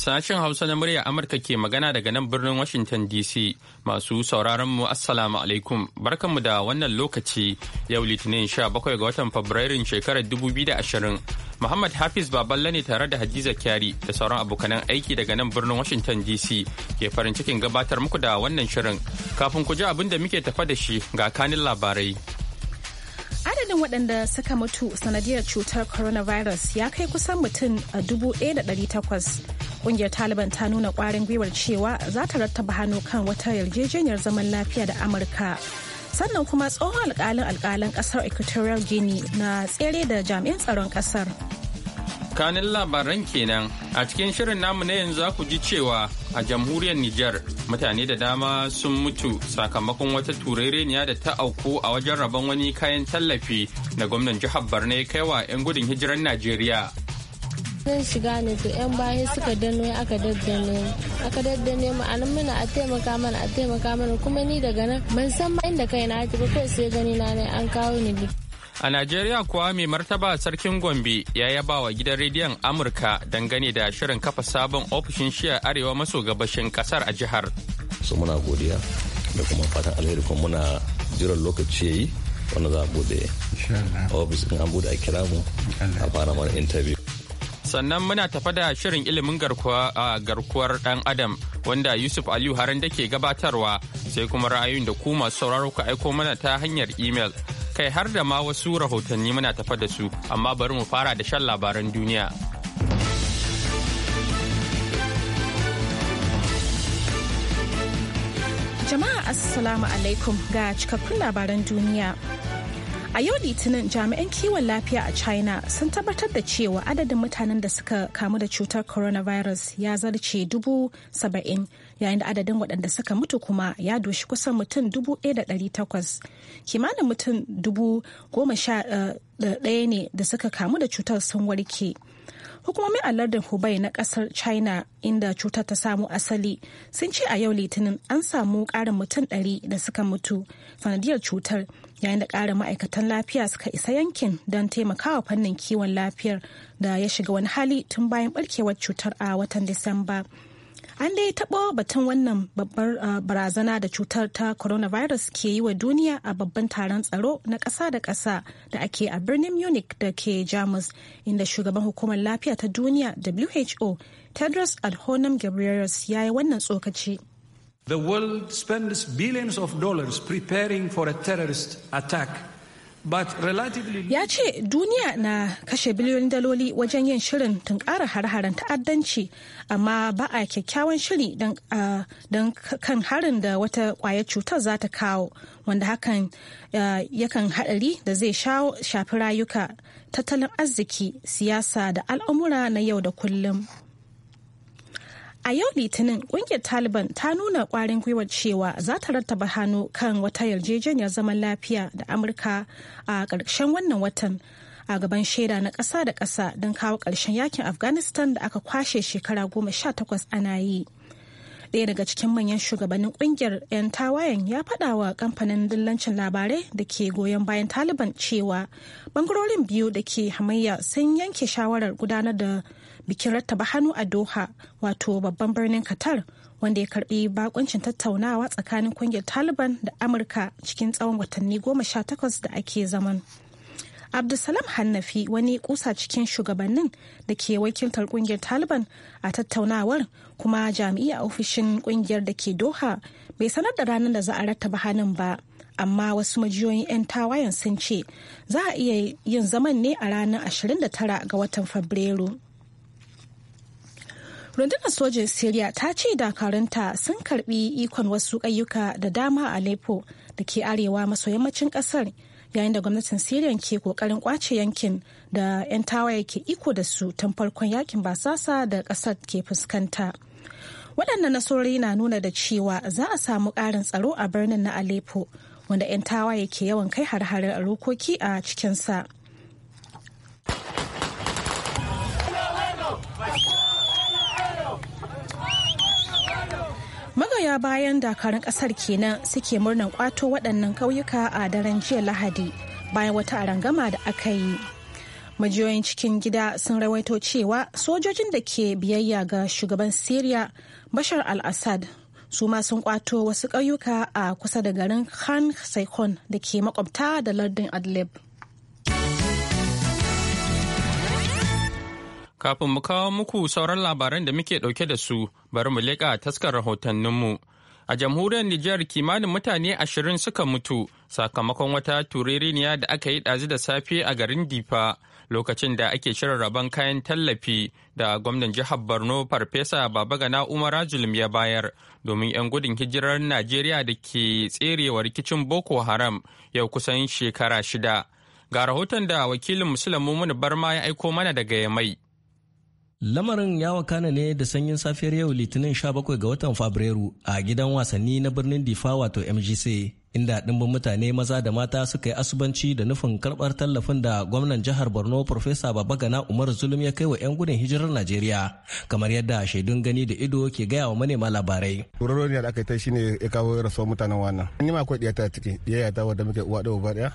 Sashen Hausa na murya Amurka ke magana daga nan birnin Washington DC masu sauraron mu Assalamu alaikum barkanmu da wannan lokaci yau Litinin 17 ga watan Fabrairun shekarar 2020. Muhammad Hafiz Baballe ne tare da Hadiza Kyari da sauran abokanan aiki daga nan birnin Washington DC ke farin cikin gabatar muku da wannan shirin. Kafin ku ji abin da muke tafa da shi ga kanin labarai. adadin waɗanda suka mutu sanadiyar cutar coronavirus ya kai kusan mutum a 1,800 ƙungiyar taliban ta nuna ƙwarin gwiwar cewa za ta rattaba hannu kan wata yarjejeniyar zaman lafiya da amurka sannan kuma tsohon alƙalin alƙalin ƙasar equatorial guinea na tsere da jami'an tsaron ƙasar kanin labaran kenan a cikin shirin namu na yanzu ku ji cewa a jamhuriyar Nijar mutane da dama sun mutu sakamakon wata turereniya da ta auku a wajen rabon wani kayan tallafi na gwamnan jihar Borno ya kaiwa 'yan gudun hijirar Najeriya. sun shiga ne to 'yan baya suka dano aka daddane aka daddane mu a nan a taimaka mana a taimaka mana kuma ni daga nan ban san ma da kai na ba kawai sai gani na ne an kawo ni A Najeriya kuwa mai martaba sarkin Gombe ya yaba wa gidan rediyon Amurka dangane da shirin kafa sabon ofishin shiya arewa maso gabashin kasar a jihar. So muna godiya da kuma fatan alheri kuma muna jiran lokaci yayi wanda za a bude ofis in an bude a kira mu a fara mana interview. sannan muna tafa da shirin ilimin garkuwar dan adam wanda yusuf aliyu haran da ke gabatarwa sai kuma ra'ayoyin da ku masu sauraro ku aiko mana ta hanyar imel kai har da ma wasu rahotanni muna tafa da su amma bari mu fara da shan labaran duniya. Jama'a Assalamu alaikum ga cikakkun labaran duniya. A yau Litinin jami'an kiwon lafiya a China sun tabbatar da cewa adadin mutanen da suka kamu da cutar coronavirus ya zarce dubu saba'in yayin da adadin waɗanda suka mutu kuma ya doshi kusan mutum dubu ɗaya da ɗari takwas kimanin mutum dubu goma sha eh, ɗaya ne da suka kamu da cutar sun warke hukumomin alardin hubai na ƙasar china inda cutar ta samu asali sun ce a yau litinin an samu karin mutum ɗari da suka mutu sanadiyar cutar yayin da ƙarin ma'aikatan lafiya suka isa yankin don taimakawa fannin kiwon lafiyar da ya shiga wani hali tun bayan ɓarkewar cutar a watan disamba An dai taɓo batun wannan babbar uh, barazana da cutar ta coronavirus ke yi wa duniya a babban taron tsaro na ƙasa da ƙasa da ake a birnin Munich da ke Jamus, inda shugaban hukumar lafiya ta duniya WHO Tedros Adhanom Ghebreyesus ya yi wannan tsokaci. The world spends billions of dollars preparing for a terrorist attack Ya ce duniya na kashe biliyoyin daloli wajen yin shirin tunkarar har-haren ta'addanci amma ba a kyakkyawan shiri don kan harin da wata kwayar cutar za ta kawo wanda hakan yakan haɗari da zai shafi rayuka tattalin arziki siyasa da al'amura na yau da kullum. A yau Litinin ƙungiyar Taliban ta nuna kwarin gwiwar cewa za ta rattaba hannu kan wata yarjejeniyar zaman lafiya da Amurka a ƙarshen wannan watan a gaban shaida na ƙasa da ƙasa don kawo ƙarshen yakin Afghanistan da aka kwashe shekara goma sha takwas ana yi. ɗaya daga cikin manyan shugabannin ƙungiyar 'yan tawayen ya faɗa wa kamfanin dillancin labarai da ke goyon bayan taliban cewa bangarorin biyu da ke hamayya sun yanke shawarar gudanar da bikin rattaba hannu a doha wato babban birnin qatar wanda ya karbi bakuncin tattaunawa tsakanin ƙungiyar taliban da amurka cikin tsawon watanni goma sha takwas da ake zaman. abdulsalam hannafi wani kusa cikin shugabannin da ke wakiltar kungiyar taliban a tattaunawar kuma jami'a ofishin kungiyar da ke doha bai sanar da ranar da za a rattaba hannun ba amma wasu majiyoyin 'yan tawayen sun ce za a iya yin zaman ne a ranar 29 ga watan fabrairu rundunar sojin syria ta ce dakarunta sun karbi ikon wasu ayyuka da dama a aleppo da ke arewa maso yammacin kasar yayin da gwamnatin syria ke kokarin kwace yankin da 'yan tawaye ke iko da su tun farkon yakin basasa da kasar ke fuskanta waɗannan nasarori na nuna da cewa za a samu ƙarin tsaro a birnin na aleppo wanda 'yan tawaye ke yawan kai har-harar a rokoki a cikinsa. ya bayan dakarun kasar kenan suke murnan kwato waɗannan ƙauyuka a daren jiya lahadi bayan wata arangama da aka yi majiyoyin cikin gida sun rawaito cewa sojojin da ke biyayya ga shugaban syria bashar al-assad su ma sun kwato wasu ƙauyuka a kusa da garin khan saikon da ke makwabta da lardin adlib Kafin mu kawo muku sauran labaran da muke ɗauke da su, bari mu leƙa taskar rahotanninmu. A jamhuriyar Nijar kimanin mutane ashirin suka mutu sakamakon wata turereniya da aka yi ɗazu da safe a garin Difa lokacin da ake shirin rabon kayan tallafi da gwamnan jihar Borno Farfesa Babagana Umar Zulum ya bayar domin 'yan gudun hijirar Najeriya da ke tserewa rikicin Boko Haram yau kusan shekara shida. Ga rahoton da wakilin Musulun Mumunu Barma ya aiko mana daga Yamai. Lamarin ya wakana ne da sanyin safiyar yau Litinin 17 ga watan Fabrairu a gidan wasanni na birnin Difa wato MGC inda ɗimbin mutane maza da mata suka yi asubanci da nufin karɓar tallafin da gwamnan jihar borno profesa babagana umar zulum ya kai wa 'yan gudun hijirar najeriya kamar yadda shaidun gani da ido ke gaya wa manema labarai turoroniya da aka yi ta shine ya kawo rasuwar mutanen wannan ni ma akwai ɗiyata ciki ɗiyata wadda muke uwa da uba ɗaya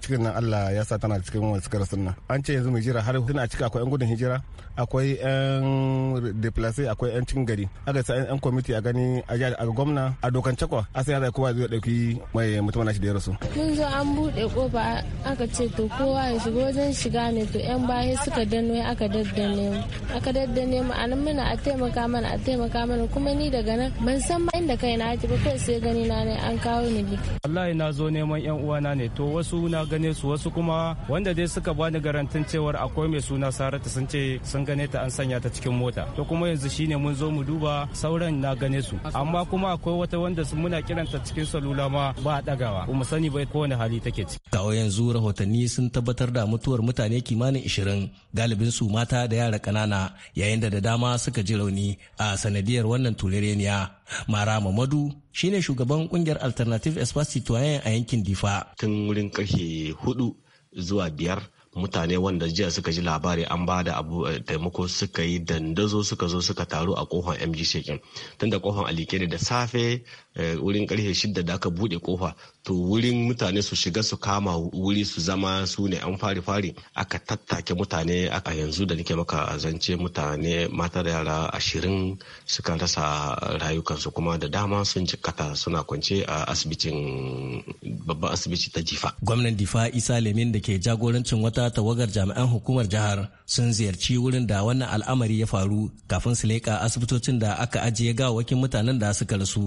cikin nan allah ya sa tana cikin wani suka rasu nan an ce yanzu mu jira har tana cika akwai 'yan gudun hijira akwai 'yan deplace akwai 'yan cikin gari aka yi sa 'yan kwamiti a gani a gwamna a dokance kwa a sai ya zai kowa zai ɗauki mai mutum shi da ya rasu mun zo an buɗe kofa aka ce to kowa ya shiga wajen shiga ne to yan baya suka danno aka daddane mu aka daddane mu anan mana a taimaka mana a taimaka mana kuma ni daga nan ban san ma inda kai na ba kai sai gani na ne an kawo ni bi. wallahi na zo neman yan uwana ne to wasu na gane su wasu kuma wanda dai suka bani garantin cewar akwai mai suna saratu sun ce sun gane ta an sanya ta cikin mota to kuma yanzu shine mun zo mu duba sauran na gane su amma kuma akwai wata wanda muna kiranta cikin salula ma kuma ba dagawa kuma sani bai kowane hali take ciki kawo yanzu rahotanni sun tabbatar da mutuwar mutane kimanin ishirin galibin su mata da yara ƙanana yayin da da dama suka ji rauni a sanadiyar wannan turereniya mara mamadu shine shugaban kungiyar alternative espace citoyen a yankin difa tun wurin karfe hudu zuwa biyar mutane wanda jiya suka ji labari an ba da abu eh, taimako suka yi dandazo suka zo suka taru a kofar mg shekin tunda kofar Alikene da safe eh, wurin karfe shidda da aka bude kofa to wurin mutane su shiga su kama wuri su zama su ne an fari fari aka tattake mutane a yanzu da nake maka zance mutane mata da yara ashirin suka rasa rayukansu kuma da dama sun jikata suna kwance a asibitin babban asibiti ta jifa gwamnan difa isa lemin da ke jagorancin wata tawagar jami'an hukumar jihar sun ziyarci wurin da wannan al'amari ya faru kafin su leƙa asibitocin da aka ajiye gawakin mutanen da suka rasu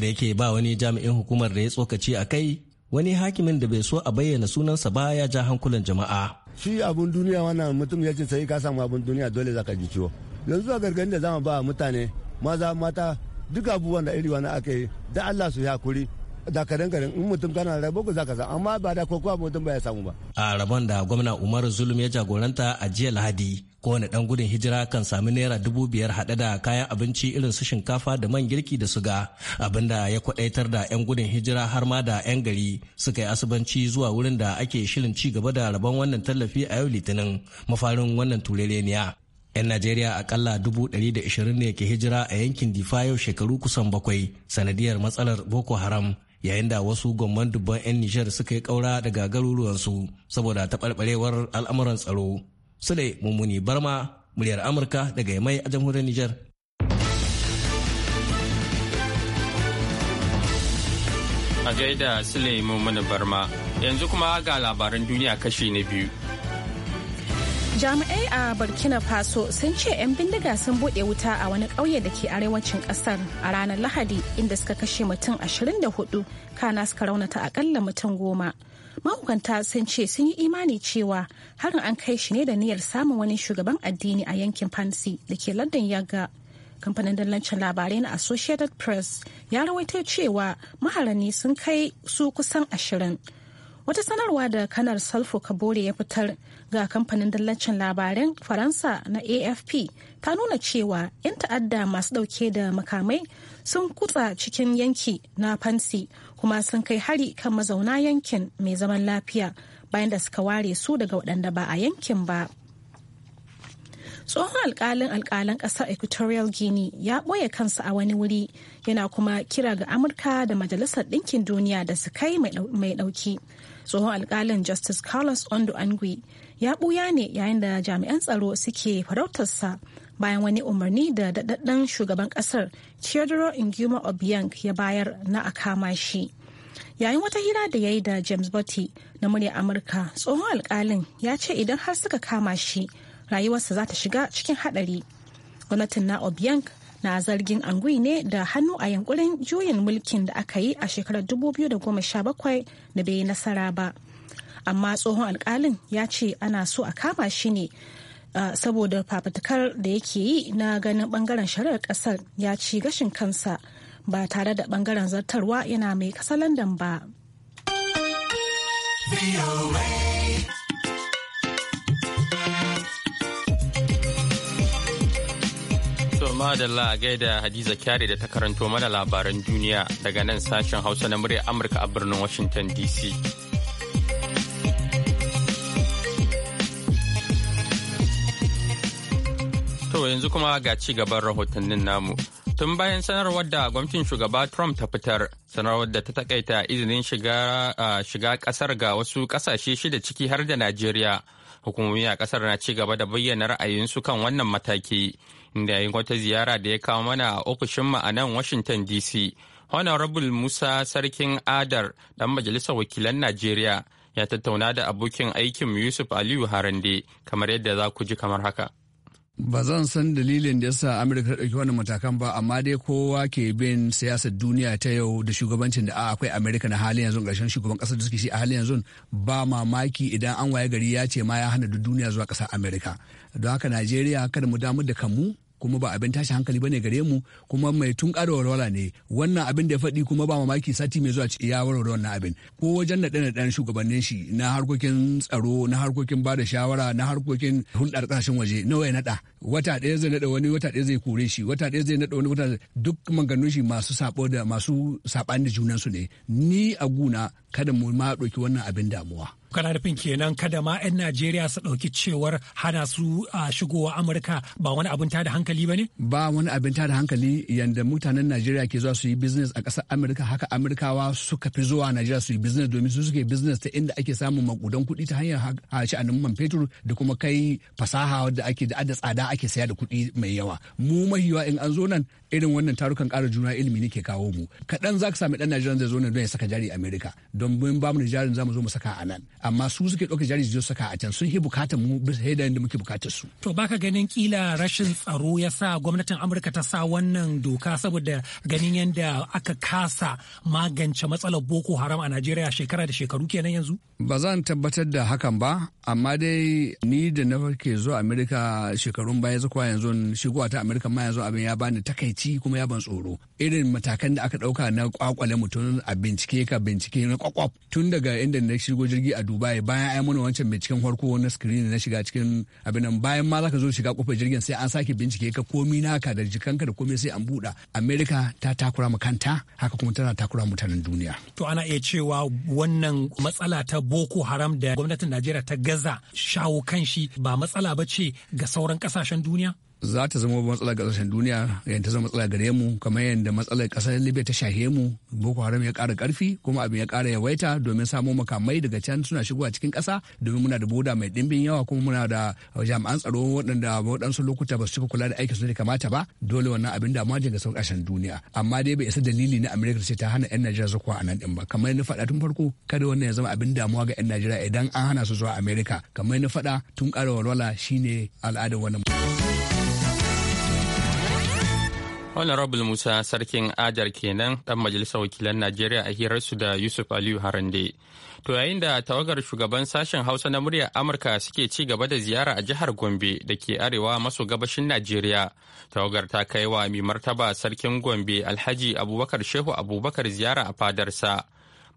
da yake ba wani jami'in hukumar da ya tsokaci a kai wani hakimin da bai so a bayyana sunansa ba ya ja hankulan jama'a. Shi abun duniya wannan mutum ya ce sai ka samu abun duniya dole zaka ji ciwo. Yanzu a gargani da zama ba mutane maza mata duk abubuwan da iri wani aka yi da Allah su yi hakuri da kadan kadan in mutum kana rabo za zaka samu amma ba da kokowa mutum ba ya samu ba. A rabon da gwamna Umaru Zulum ya jagoranta a jiya Lahadi kowane ɗan gudun hijira kan sami naira dubu biyar haɗe da kayan abinci irin su shinkafa da man girki da suga abinda ya kwaɗaitar da 'yan gudun hijira har ma da 'yan gari suka yi asubanci zuwa wurin da ake shirin ci gaba da rabon wannan tallafi a yau litinin mafarin wannan turereniya 'yan najeriya akalla ishirin ne ke hijira a yankin difa yau shekaru kusan bakwai sanadiyar matsalar boko haram yayin da wasu gomman dubban 'yan nijar suka yi kaura daga garuruwansu saboda taɓarɓarewar al'amuran tsaro Sule Mummuni Barma, muryar Amurka daga Yamai a jamhuriyar Nijar. A gaida Sule Mummuni Barma, yanzu kuma ga labaran duniya kashi na biyu. jami'ai a burkina faso sun ce 'yan bindiga sun buɗe wuta a wani ƙauye da ke arewacin ƙasar a ranar lahadi inda suka kashe mutum 24 kana suka raunata akalla mutum goma mahukunta sun ce sun yi imani cewa harin an kai shi ne da niyyar samun wani shugaban addini a yankin fansi da ke lardin yaga kamfanin dallancin labarai na associated press ya rawaito cewa maharani sun kai su kusan ashirin wata sanarwa da kanar salfo kabore ya fitar ga kamfanin dallacin labaran faransa na afp ta nuna cewa 'yan ta'adda masu dauke da makamai sun kutsa cikin yanki na fansi kuma sun kai hari kan mazauna yankin mai zaman lafiya bayan da suka ware su daga waɗanda ba a yankin ba. tsohon alkalin alkalin ƙasar equatorial guinea ya ɓoye kansa a wani wuri yana kuma kira ga amurka da majalisar ɗinkin duniya da su kai mai ɗauki tsohon alkalin justice carlos ondo angui ya ɓuya ne yayin da jami'an tsaro suke farautarsa bayan wani umarni da daɗaɗɗen shugaban ƙasar Theodore Nguma Obiang ya bayar na a kama shi. Yayin wata hira da ya yi da James Botti na murya Amurka, tsohon alkalin ya ce idan har suka kama shi, rayuwarsa za ta shiga cikin haɗari. Gwamnatin na Obiang na zargin angui ne da hannu a yankurin juyin mulkin da aka yi a shekarar 2017 da bai yi nasara ba. Amma tsohon alkalin ya ce ana so a kama shi ne Ah, saboda fafutukar da yake yi na ganin bangaren shari'ar kasar ya ci gashin kansa ba tare da bangaren zartarwa yana mai kasalandan ba. madalla gaida Hadiza kyare da ta karanto mana labaran duniya daga nan sashen Hausa na murya Amurka a birnin Washington DC. To yanzu kuma ga ci gaban rahotannin namu. Tun bayan sanarwar da gwamnatin shugaba Trump ta fitar, sanarwar da ta takaita izinin shiga kasar ga wasu kasashe shida ciki har da Najeriya. Hukumomi a kasar na ci gaba da bayyana ra'ayinsu kan wannan mataki. Inda yayin wata ziyara da ya kawo mana a ofishin ma'anar a nan Washington DC. Honorable Musa Sarkin Adar, dan majalisar wakilan Najeriya, ya tattauna da abokin aikin Yusuf Aliyu Harande, kamar yadda za ku ji kamar haka. ba zan san dalilin da yasa amurka ta ɗauki wannan matakan ba amma dai kowa ke bin siyasar duniya ta yau da shugabancin da akwai amurka na halin yanzu ƙarshen shugaban ƙasar da suke shi a halin yanzu ba mamaki idan an waye gari ya ce ma ya hana duniya zuwa ƙasar amurka don haka najeriya kada mu damu da kanmu kuma ba abin tashi hankali bane gare mu kuma mai tun ƙara walwala ne wannan abin da ya faɗi kuma ba mamaki sati mai zuwa ya warware wannan abin ko wajen naɗe naɗen shugabannin shi na harkokin tsaro na harkokin ba da shawara na harkokin hulɗar ƙasashen waje nawa ya naɗa wata ɗaya zai naɗa wani wata ɗaya zai kore shi wata ɗaya zai naɗa wani wata duk maganganun shi masu sabo da masu saɓani da junansu ne ni a guna kada mu ma ɗauki wannan abin damuwa. kana nufin kenan kada ma 'yan najeriya su ɗauki cewar hana su a shigowa amurka ba wani abin tada hankali ba ne ba wani abin tada hankali yadda mutanen najeriya ke zuwa su yi business a ƙasar amurka haka amurkawa suka fi zuwa najeriya su yi business domin su suke business ta inda ake samun makudan kuɗi ta hanyar a man fetur da kuma kai fasaha da ake da adda tsada ake saya da kuɗi mai yawa mu mahiwa in an zo nan irin wannan tarukan ƙara juna ilimi ne ke kawo mu kaɗan za ka sami ɗan najeriya zai zo nan don ya saka jari amurka don mun ba mu da jarin za mu zo mu saka a nan amma su suke ɗauka jari su saka a can sun yi bukatar mu bisa yadda da muke bukatar su. To baka ganin kila rashin tsaro ya sa gwamnatin Amurka ta sa wannan doka saboda ganin yadda aka kasa magance matsalar Boko Haram a Najeriya shekara da shekaru kenan yanzu? Ba zan tabbatar da hakan ba amma dai ni da na ke zuwa Amerika shekarun baya zuwa yanzu shigowa ta Amerika ma yanzu abin ya bani takaici kuma ya ban tsoro irin matakan da aka ɗauka na kwakwale mutum a bincike ka bincike na kwakwaf tun daga inda na shigo jirgi a dubai bayan ai mana wancan mai cikin farko na screen na shiga cikin abin nan bayan ma zaka zo shiga kofar jirgin sai an sake bincike ka komi naka da jikanka da komai sai an buɗa america ta takura mu kanta haka kuma tana takura mutanen duniya to ana iya cewa wannan matsala ta boko haram da gwamnatin najeriya ta gaza shawo kan shi ba matsala ba ce ga sauran kasashen duniya za ta zama matsala ga ƙasashen duniya yadda ta zama matsala gare mu kamar yadda matsalar ƙasar libya ta shahe mu boko haram ya ƙara ƙarfi kuma abin ya ƙara yawaita domin samo makamai daga can suna shigowa cikin ƙasa domin muna da boda mai ɗimbin yawa kuma muna da jami'an tsaro waɗanda waɗansu lokuta ba su cika kula da aikin su da kamata ba dole wannan abin damuwa ce ga sauran ƙasashen duniya amma dai bai isa dalili na amerika ce ta hana 'yan najeriya zuwa a nan ɗin ba kamar na faɗa tun farko kada wannan ya zama abin damuwa ga 'yan najeriya idan an hana su zuwa amerika kamar na faɗa tun ƙara walwala shine al'adar wannan Honorable Musa Sarkin Ajar kenan ɗan majalisar wakilan Najeriya a hirarsu da Yusuf Aliyu Harande. To yayin da tawagar shugaban sashen Hausa na muryar Amurka suke ci gaba da ziyara a jihar Gombe da ke arewa maso gabashin Najeriya. Tawagar ta kai wa mai martaba Sarkin Gombe Alhaji Abubakar Shehu Abubakar ziyara a fadarsa.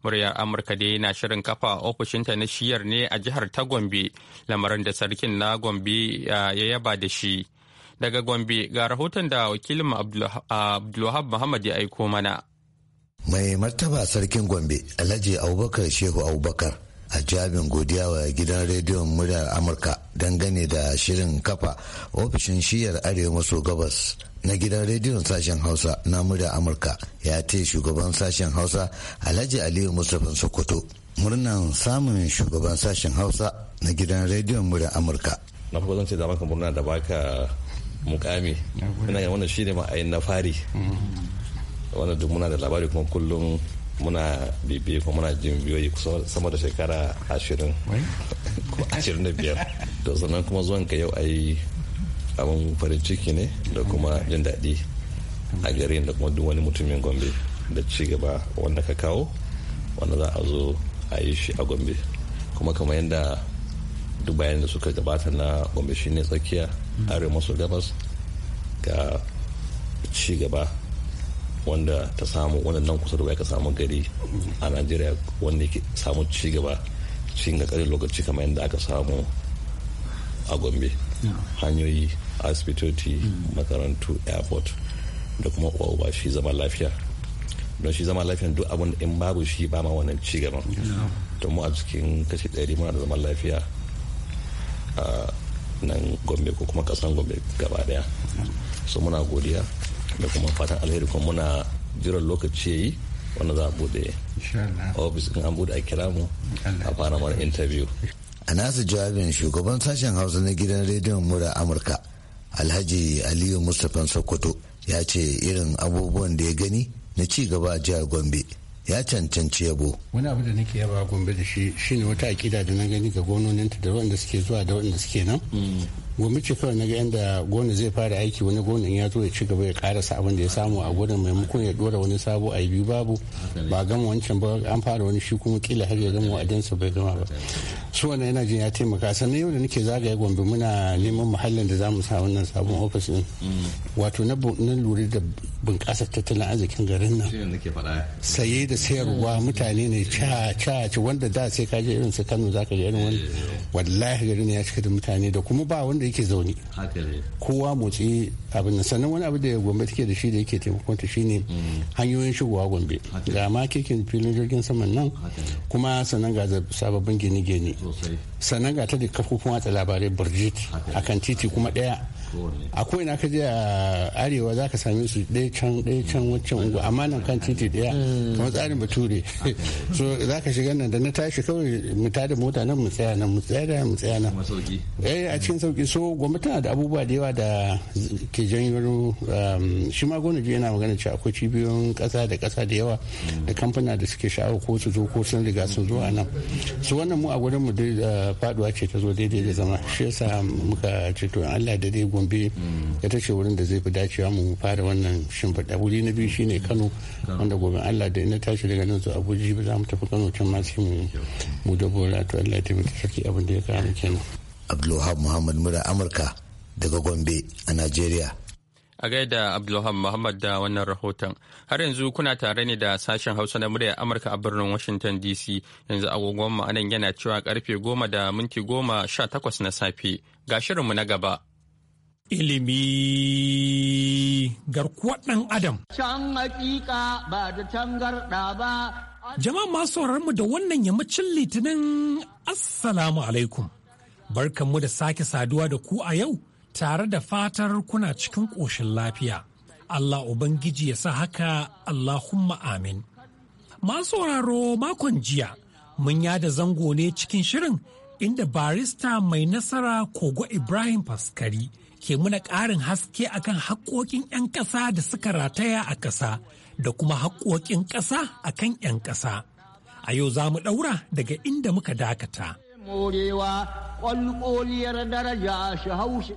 Muryar Amurka dai na shirin kafa ofishinta na shiyar ne a jihar ta Gombe, lamarin da sarkin na Gombe ah, ya yaba da shi. Daga Gombe ga rahoton da wakilin Abdulwahab Muhammad ya aiko mana. Mai martaba sarkin Gombe Alhaji Abubakar Shehu Abubakar a jabin godiya wa gidan rediyon muryar Amurka dangane da shirin kafa ofishin shiyar arewa maso gabas na gidan rediyon sashen hausa na muryar amurka ya ce shugaban sashen hausa alhaji aliyu mustapha sokoto murnan samun shugaban sashen hausa na gidan rediyon muryar amurka na farko zan ce da maka murna da baka mukami ina ga wannan shine ma'ayin na fari wanda duk muna da labari kuma kullum muna bibi kuma muna jin biyoyi kusa sama da shekara ashirin ko ashirin da biyar da sannan kuma zuwan ka yau ayi abin farin ciki ne da kuma jin daɗi a garin da kuma duk wani mutumin gombe da ci gaba wanda ka kawo wanda za a zo a yi shi a gombe kuma kamar yadda duk bayan da suka gabata na gombe shine tsakiya arewa maso gabas ga ci gaba wanda ta samu nan kusa da ka samu gari a najeriya wanda ke samu ci gaba cikin karin lokaci kamar yadda aka samu a gombe hanyoyi asibitoci makarantu airport da kuma uwa shi zama lafiya don shi zama lafiya duk abin in babu shi ba ma wannan ci gaba mu a cikin kashi ɗari muna da zaman lafiya ah, nan gombe ko kuma kasan gombe gaba daya so muna godiya da kuma fatan alheri kuma muna jiran lokaci yayi wanda za a bude ofis in an bude a kira mu a fara mana interview a nasu jawabin shugaban sashen hausa na gidan rediyon mura amurka alhaji aliyu mustapha sokoto ya ce irin abubuwan da ya gani na ci gaba a jihar gombe ya cancanci yabo wani abu da nake yaba gombe da shi shine wata akida da na gani ga gononinta da wanda suke zuwa da wanda suke nan mm. gobe ce kawai na ga yadda gona zai fara aiki wani gonan ya zo ya ci gaba ya karasa abin da ya samu a gonan maimakon ya dora wani sabo a biyu babu ba gama wancan ba an fara wani shi kuma kila har ya gama wa'adansa bai gama ba su wannan yana jin ya taimaka sannan yau da nake zagaye gombe muna neman muhallin da za mu sa wannan sabon ofis din wato na lura da bunƙasar tattalin arzikin garin nan saye da sayarwa mutane ne ca ca wanda da sai ka je irin su Kano zaka je irin wani eh. wallahi garin ya cika da mutane da kuma ba wanda da yake zaune kowa motsi abin sannan wani abu da gombe take da shi da yake taimakon ta shine mm. hanyoyin shigowa gombe ga ma kekin filin jirgin saman nan kuma sannan ga sababbin gine-gine sannan ga ta da kafofin watsa labarai burjit akan titi kuma daya a ko ina ka je a arewa za ka same su ɗaya can ɗaya can wancan ungu amma nan kan titi ɗaya kamar tsarin bature so za ka shiga nan da na tashi kawai mu tada mota nan mu tsaya nan mu tsaya nan mu tsaya nan eh a cikin sauki so gwamnati na da abubuwa da yawa da ke janyo um, shi ma gwamnati yana magana cewa akwai cibiyoyin ƙasa da ƙasa da yawa da kamfana da suke sha'awa ko su zo ko sun riga sun zo a nan so wannan mu a gurin mu dai uh, faduwa ce ta zo daidai da zama shi yasa muka ce to Allah da dai gombe mm. ta ce wurin da zai fi dacewa mu fara wannan shimfiɗa wuri na biyu shine kano wanda gobe allah da ina tashi daga nan zuwa abuja za mu tafi kano can ma sai mu mu to allah ya taimaki saki abin da ya kawo kenan abdulwahab muhammad mura amurka daga gombe a nigeria. a gaida Abdulham Muhammad da wannan rahoton. Har yanzu kuna tare ne da sashen Hausa na muryar Amurka a birnin Washington DC yanzu agogon ma'anan yana cewa karfe goma da minti goma sha takwas na safe. Ga shirinmu na gaba. ilimi garkuwar ɗan adam. Can hakika ba da tangarɗa ba. Jama'a masu mu da wannan yammacin litinin Assalamu alaikum. Barkanmu da sake saduwa da ku a yau tare da fatar kuna cikin ƙoshin lafiya. Allah Ubangiji ya sa haka Allahumma amin. Masu sauraro makon jiya mun yada zango ne cikin shirin inda barista mai nasara Kogo Ibrahim Faskari. ke muna ƙarin haske akan haƙoƙin 'yan ƙasa da suka rataya a ƙasa da kuma haƙoƙin ƙasa akan 'yan ƙasa. A yau za mu ɗaura daga inda muka dakata. kwalkoliyar daraja shi hau shi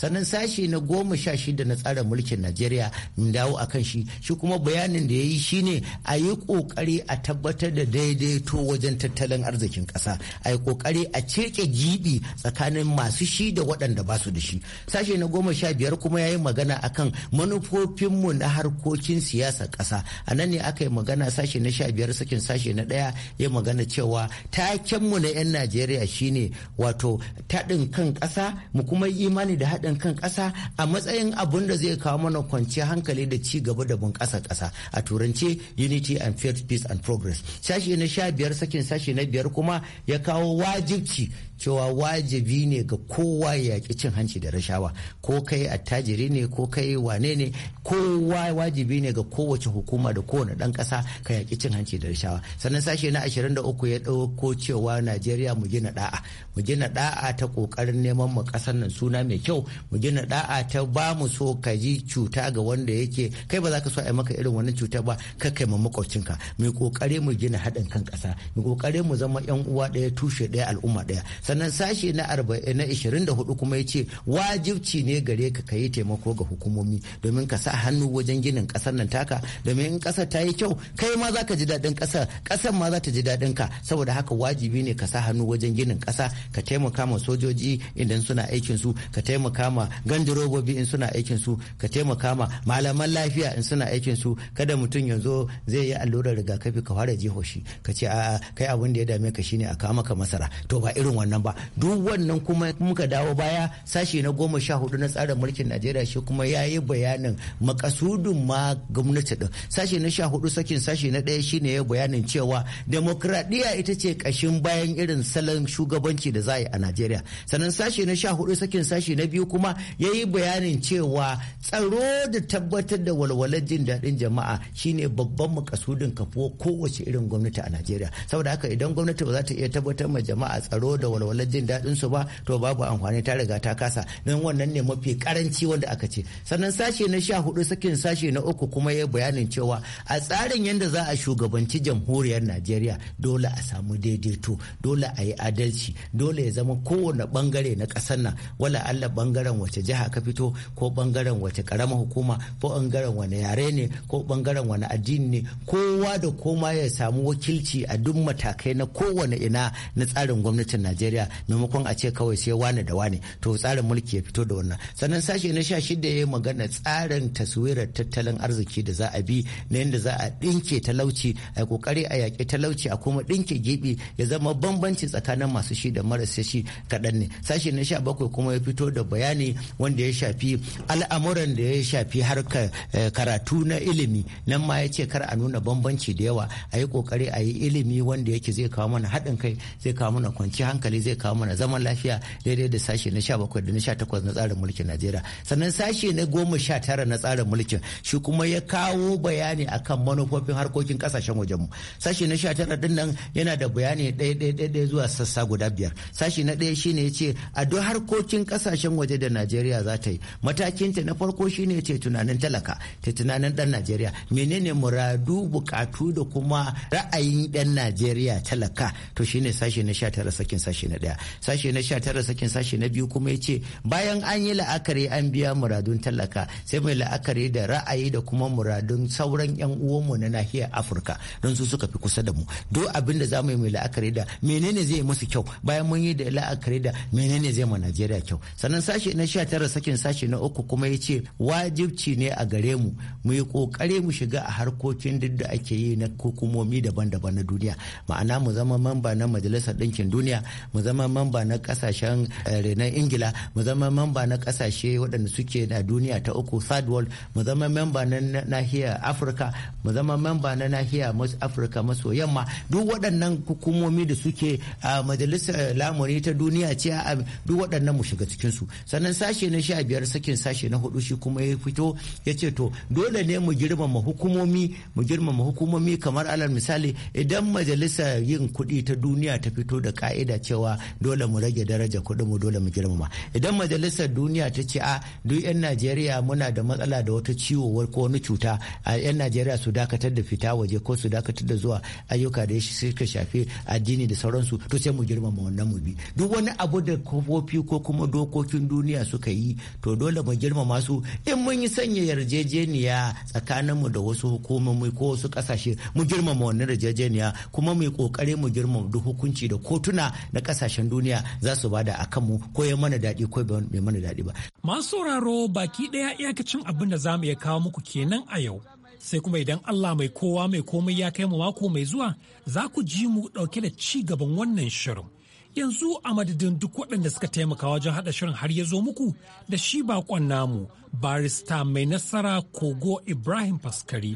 sannan sashi na goma sha shida na tsarin mulkin najeriya in dawo a kan shi shi kuma bayanin da ya yi shine a yi ƙoƙari a tabbatar da daidaito wajen tattalin arzikin ƙasa a yi ƙoƙari a cirke gibi tsakanin masu shi da waɗanda ba su da shi sashe na goma sha biyar kuma ya yi magana a kan manufofinmu na harkokin siyasa ƙasa a nan ne aka yi magana sashe na sha biyar sakin sashe na ɗaya ya magana cewa takenmu na 'yan najeriya shine wato taɗin kan ƙasa mu kuma yi imani da haɗin kan ƙasa a matsayin abun da zai kawo mana kwanciyar hankali da ci gaba da bunƙasa ƙasa a turance unity and faith peace and progress sashe na sha biyar sakin sashe na biyar kuma ya kawo wajibci cewa wajibi ne ga kowa ya yaƙi cin hanci da rashawa ko kai attajiri ne ko kai wane ne kowa wajibi ne ga kowace hukuma da kowane ɗan ƙasa ka yaƙi cin hanci da rashawa sannan sashe na 23 ya ɗauko cewa najeriya mu gina ɗa'a mu gina da'a ta kokarin neman mu kasar nan suna mai kyau mu gina da'a ta ba mu so ka ji cuta ga wanda yake kai ba za ka so a maka irin wannan cuta ba ka kai ma makwabcinka mu kokare mu gina haɗin kan ƙasa mu kokare mu zama yan uwa ɗaya tushe ɗaya al'umma ɗaya sannan sashe na 40 na 24 kuma ya ce wajibci ne gare ka kayi taimako ga hukumomi domin ka sa hannu wajen ginin ƙasar nan taka domin in ƙasar ta yi kyau kai ma za ka ji daɗin ƙasar ƙasar ma za ta ji daɗin ka saboda haka wajibi ne ka sa hannu wajen ginin ƙasa ka taimaka taimaka ma sojoji idan suna aikin su ka taimaka ma robobi in suna aikin su ka taimaka ma malaman lafiya in suna aikin su kada mutum yanzu zai yi allurar rigakafi ka fara jiho shi ka ce a'a kai abin da ya dame ka shine a kawo maka masara to ba irin wannan ba duk wannan kuma muka dawo baya sashi na goma sha hudu na tsarin mulkin najeriya shi kuma ya yi bayanin makasudun ma gwamnati din sashi na sha hudu sakin sashi na ɗaya shine ya bayanin cewa demokradiyya ita ce kashin bayan irin salon shugabanci da za a yi a Najeriya sannan sashe na sha hudu sakin sashe na biyu kuma ya yi bayanin cewa tsaro da tabbatar da walwalar jin daɗin jama'a shine babban makasudin kafuwa kowace irin gwamnati a Najeriya saboda haka idan gwamnati ba za ta iya tabbatar ma jama'a tsaro da walwalar jin daɗin su ba to babu amfani ta riga ta kasa don wannan ne mafi karanci wanda aka ce sannan sashe na sha hudu sakin sashe na uku kuma ya yi bayanin cewa a tsarin yadda za a shugabanci jamhuriyar Najeriya dole a samu daidaito dole a yi adalci dole ya zama kowane bangare na ƙasar nan wala Allah bangaren wace jiha ka fito ko bangaren wace karama hukuma ko bangaren wani yare ne ko bangaren wani addini ne kowa da koma ya samu wakilci a duk matakai na kowane ina na tsarin gwamnatin Najeriya maimakon a ce kawai sai wane da wane to tsarin mulki ya fito da wannan sannan sashe na sha shida ya yi magana tsarin taswirar tattalin arziki da za a bi na yadda za a ɗinke talauci a kokari a yaƙi talauci a kuma ɗinke gibi ya zama bambanci tsakanin masu shi da marasa shi kaɗan ne sashe na sha bakwai kuma ya fito da bayani wanda ya shafi al'amuran da ya shafi harkar eh, karatu na ilimi nan ma ya ce kar a nuna bambanci da yawa a yi kokari a yi ilimi wanda yake zai kawo mana haɗin kai zai kawo mana kwanci hankali zai kawo mana zaman lafiya daidai da sashe na sha bakwai da na sha takwas na tsarin mulkin najeriya sannan sashe na goma sha tara na tsarin mulkin shi kuma ya kawo bayani akan manufofin harkokin kasashen wajenmu sashe na sha tara din nan yana da bayani ɗaya ɗaya ɗaya zuwa sassa guda biyar sashe shi na ɗaya shine ya ce a duk harkokin kasashen waje da najeriya za ta yi matakinta na farko shine ya ce tunanin talaka ta tunanin ɗan najeriya menene muradu bukatu da kuma ra'ayin ɗan najeriya talaka to shine sashe na tara sakin sashe na ɗaya sashe na tara sakin sashe na biyu kuma ya ce bayan an yi la'akari an biya muradun talaka sai mai la'akari da ra'ayi da kuma muradun sauran 'yan uwanmu na nahiyar afirka don su suka fi kusa da mu duk abin da za mu yi mai la'akari da menene zai musu kyau bayan mun yi da la'akari da menene zai ma Najeriya kyau sannan sashi na sha tara sakin sashi na uku kuma ya ce wajibci ne a gare mu mu yi kokare mu shiga a harkokin duk da ake yi na hukumomi daban-daban na duniya ma'ana mu zama mamba na majalisar ɗinkin duniya mu zama mamba na ƙasashen eh, renon ingila mu zama mamba na ƙasashe waɗanda suke na duniya ta uku third world mu zama mamba na nahiyar afirka mu zama mamba na nahiyar afirka maso yamma duk waɗannan hukumomi da suke a majalisar lamuri ta duniya ce a duk waɗannan mu shiga cikin su sannan sashe na sha biyar sakin sashe na hudu shi kuma ya fito ya ce to dole ne mu girmama hukumomi mu girmama hukumomi kamar alal misali idan majalisa yin kuɗi ta duniya ta fito da ka'ida cewa dole mu rage daraja kuɗin mu dole mu girmama idan majalisar duniya ta ce a duk 'yan najeriya muna da matsala da wata ciwo ko wani cuta a 'yan najeriya su dakatar da fita waje ko su dakatar da zuwa ayyuka da suka shafi addini da sauransu to sai mu girmama wannan mu bi duk wani abu da kofofi ko kuma dokokin duniya suka yi to dole mu girmama su in mun yi sanya yarjejeniya tsakaninmu da wasu hukumomi ko wasu kasashe mu girmama wannan yarjejeniya kuma mu yi kokari mu girmama duk hukunci da kotuna na kasashen duniya za su bada a kanmu ko ya mana daɗi ko bai mana daɗi ba. Masu sauraro baki ɗaya iyakacin abin da za mu iya kawo muku kenan a yau. sai kuma idan Allah mai kowa mai komai ya kai mu mako mai zuwa za ku ji mu ɗauke da ci gaban wannan shirin. yanzu a madadin duk waɗanda suka taimaka wajen haɗa shirin har ya zo muku da shi baƙon namu barista mai nasara kogo ibrahim faskari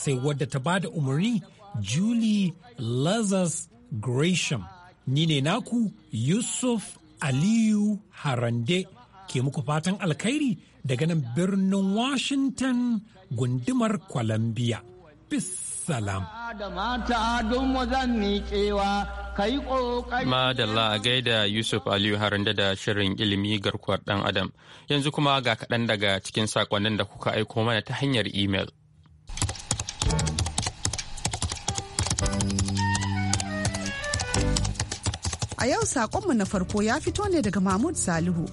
sai wadda ta ba da umarni julie lazarus gresham ni ne naku yusuf aliyu harande ke muku fatan alkhairi daga nan birnin washington gundumar columbia da Madalla a gaida Yusuf Aliyu harinda da shirin ilimi garkuwar ɗan Adam. Yanzu kuma ga kaɗan daga cikin saƙonnin da kuka aiko mana ta hanyar imel. A yau saƙonmu na farko ya fito ne daga Mahmud Salihu.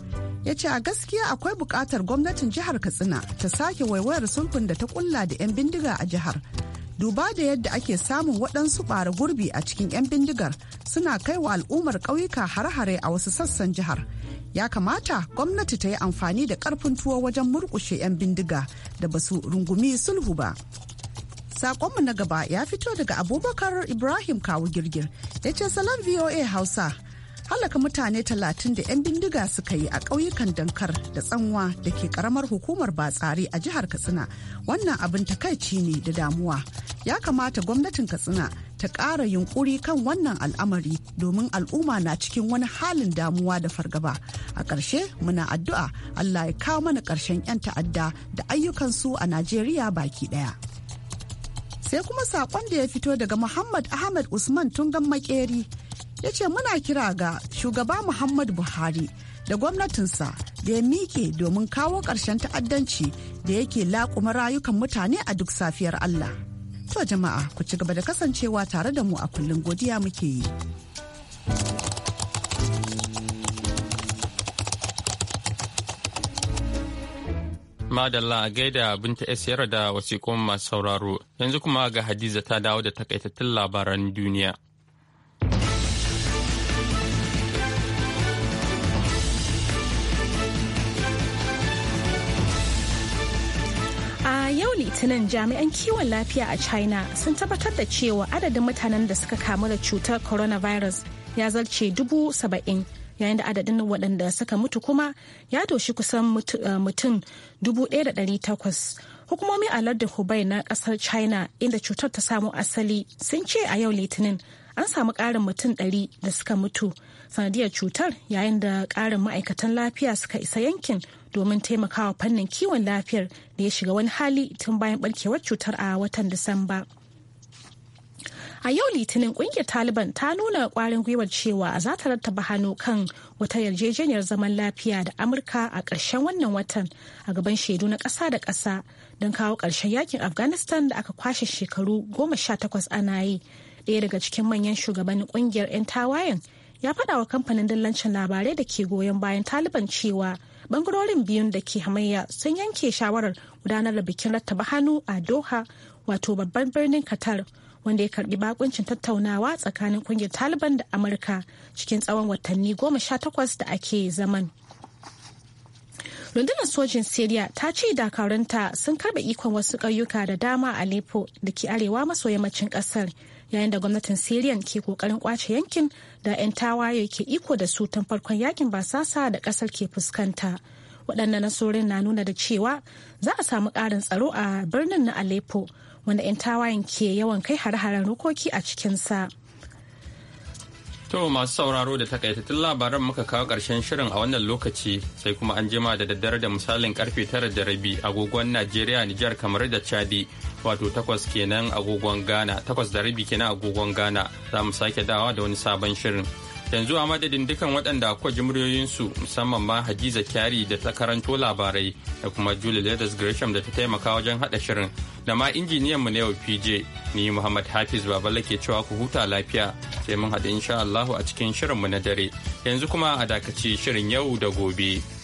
ya ce a gaskiya akwai buƙatar gwamnatin jihar katsina ta sake waiwayar sulhun da ta kulla da 'yan bindiga a jihar duba da yadda ake samun waɗansu ɓara gurbi a cikin 'yan bindigar suna kai wa al'ummar ƙauyuka har-hare a wasu sassan jihar ya kamata gwamnati ta yi amfani da ƙarfin tuwo wajen murƙushe 'yan bindiga da basu rungumi sulhu ba saƙonmu na gaba ya fito daga abubakar ibrahim kawu girgir ya ce salam voa hausa halaka mutane talatin da 'yan bindiga suka yi a ƙauyukan dankar da tsanwa da ke karamar hukumar batsari a jihar katsina wannan abin takaici ne da damuwa ya kamata gwamnatin katsina ta ƙara yunƙuri kan wannan al'amari domin al'umma na cikin wani halin damuwa da fargaba a ƙarshe muna addu'a allah ya kawo mana ƙarshen 'yan ta'adda da ayyukansu a najeriya baki ɗaya sai kuma saƙon da ya fito daga muhammad ahmed usman tungan makeri ya ce muna kira ga shugaba muhammadu buhari da gwamnatinsa da ya miƙe domin kawo ƙarshen ta'addanci da yake laƙuma rayukan mutane a duk safiyar allah to jama'a ku ci gaba da kasancewa tare da mu a kullum godiya muke yi Madalla a gaida binta Esiyar da wasikun masu sauraro, yanzu kuma ga Hadiza ta dawo da takaitattun labaran duniya. Litinin jami'an kiwon lafiya a China sun tabbatar da cewa adadin mutanen da suka kamu da cutar coronavirus ya zarce dubu saba'in yayin da adadin waɗanda suka mutu kuma ya doshi kusan eh, mutum dubu ɗaya da ɗari takwas. Hukumomi a lardin Hubei na ƙasar China inda cutar ta samo asali sun ce a yau Litinin an samu ƙarin mutum ɗari da suka mutu sanadiyar cutar yayin da ƙarin ma'aikatan lafiya suka isa yankin domin taimakawa fannin kiwon lafiyar da ya shiga wani hali tun bayan barkewar cutar a watan Disamba. a yau litinin kungiyar taliban ta nuna kwarin gwiwar cewa za ta rattaba hannu kan wata yarjejeniyar zaman lafiya da amurka a ƙarshen wannan watan a gaban shaidu na ƙasa da ƙasa don kawo ƙarshen yakin afghanistan da aka kwashe shekaru goma sha takwas ana yi ɗaya daga cikin manyan shugabannin kungiyar 'yan tawayen ya faɗa wa kamfanin dillancin labarai da ke goyon bayan taliban cewa bangarorin biyun da ke hamayya sun yanke shawarar gudanar da bikin rattaba hannu a doha wato babban birnin qatar wanda ya karbi bakuncin tattaunawa tsakanin kungiyar taliban da amurka cikin tsawon watanni goma sha takwas da ake zaman rundunar sojin syria ta ce dakarunta sun karbe ikon wasu ƙauyuka da dama a aleppo da ke arewa maso yammacin ƙasar yayin da gwamnatin syrian ke kokarin kwace yankin da 'yan tawaye ke iko da su tun farkon yakin basasa da kasar ke fuskanta waɗannan nasorin na nuna da cewa za a samu ƙarin tsaro a birnin na aleppo wanda 'yan tawayen ke yawan kai hare-haren rukoki a cikinsa. To masu sauraro da takaitattun labaran muka kawo ƙarshen shirin a wannan lokaci sai kuma an jima da daddare da misalin karfe tara da rabi agogon Najeriya Nijar kamar da Chadi wato takwas kenan agogon Ghana takwas da rabi kenan agogon Ghana za mu sake dawa da wani sabon shirin. yanzu a madadin dukan waɗanda akwai ji su musamman ma Hadiza Kyari da ta karanto labarai da kuma Julie Leathers Gresham da ta taimaka wajen haɗa shirin da ma injiniyan mu na yau PJ ni Muhammad Hafiz Babala ke cewa ku huta lafiya sai mun haɗu insha Allahu a cikin shirin mu na dare yanzu kuma a dakaci shirin yau da gobe.